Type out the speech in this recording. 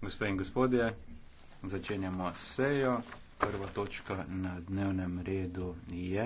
Gospe in gospodje, začenjamo sejo. Prva točka na dnevnem redu je